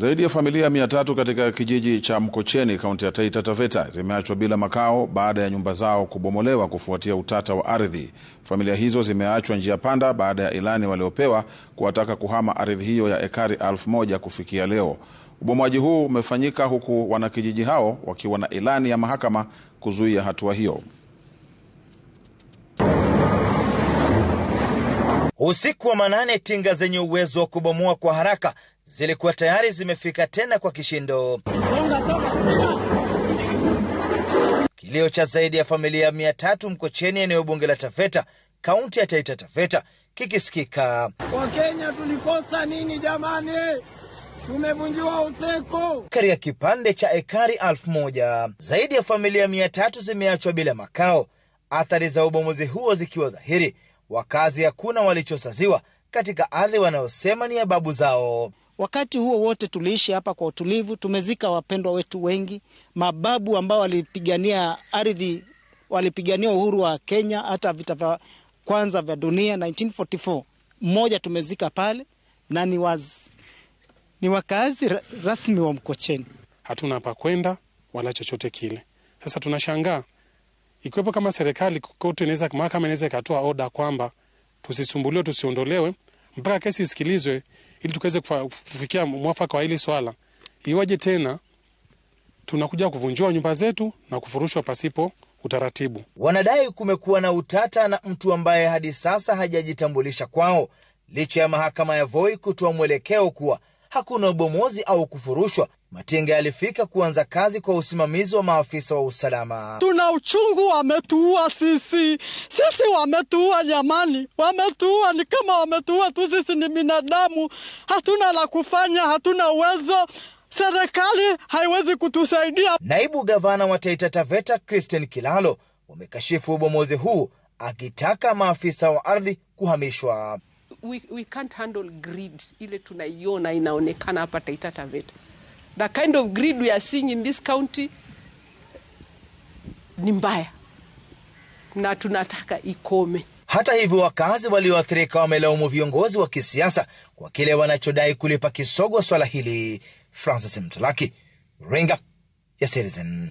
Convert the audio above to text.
Zaidi ya familia mia tatu katika kijiji cha Mkocheni kaunti ya Taita Taveta zimeachwa bila makao baada ya nyumba zao kubomolewa kufuatia utata wa ardhi. Familia hizo zimeachwa njia panda baada ya ilani waliopewa kuwataka kuhama ardhi hiyo ya ekari elfu moja kufikia leo. Ubomoaji huu umefanyika huku wanakijiji hao wakiwa na ilani ya mahakama kuzuia hatua hiyo. Usiku wa manane, tinga zenye uwezo wa kubomoa kwa haraka zilikuwa tayari zimefika tena kwa kishindo. Kilio cha zaidi ya familia mia tatu Mkocheni, eneo bunge la Taveta, kaunti ya Taita Taveta kikisikika. Wakenya tulikosa nini jamani? Tumevunjiwa useko. Katika kipande cha ekari elfu moja zaidi ya familia mia tatu zimeachwa bila makao, athari za ubomozi huo zikiwa dhahiri, wakazi hakuna walichosaziwa katika ardhi wanayosema ni ya babu zao. Wakati huo wote tuliishi hapa kwa utulivu, tumezika wapendwa wetu wengi, mababu ambao walipigania ardhi, walipigania uhuru wa Kenya, hata vita vya kwanza vya dunia 1944 mmoja tumezika pale, na ni, waz, ni wakaazi rasmi wa Mkocheni. Hatuna pa kwenda wala chochote kile. Sasa tunashangaa ikiwepo kama serikali kote inaweza, mahakama inaweza ikatoa oda kwamba tusisumbuliwe, tusiondolewe mpaka kesi isikilizwe ili tukaweze kufikia mwafaka wa hili swala. Iwaje tena tunakuja kuvunjiwa nyumba zetu na kufurushwa pasipo utaratibu. Wanadai kumekuwa na utata na mtu ambaye hadi sasa hajajitambulisha kwao, licha ya mahakama ya Voi kutoa mwelekeo kuwa hakuna ubomozi au kufurushwa, Matinga yalifika kuanza kazi kwa usimamizi wa maafisa wa usalama. Tuna uchungu, wametuua sisi, sisi wametuua jamani, wametuua ni kama wametuua tu. Sisi ni binadamu, hatuna la kufanya, hatuna uwezo serikali haiwezi kutusaidia. Naibu gavana wa Taita Taveta Christian Kilalo wamekashifu ubomozi huu akitaka maafisa wa ardhi kuhamishwa. We, we can't handle greed ile tunaiona inaonekana hapa Taita Taveta the kind of greed we are seeing in this county ni mbaya na tunataka ikome. Hata hivyo, wakazi walioathirika wamelaumu viongozi wa kisiasa kwa kile wanachodai kulipa kisogo swala hili. Francis Mtalaki, Ringa ya Citizen.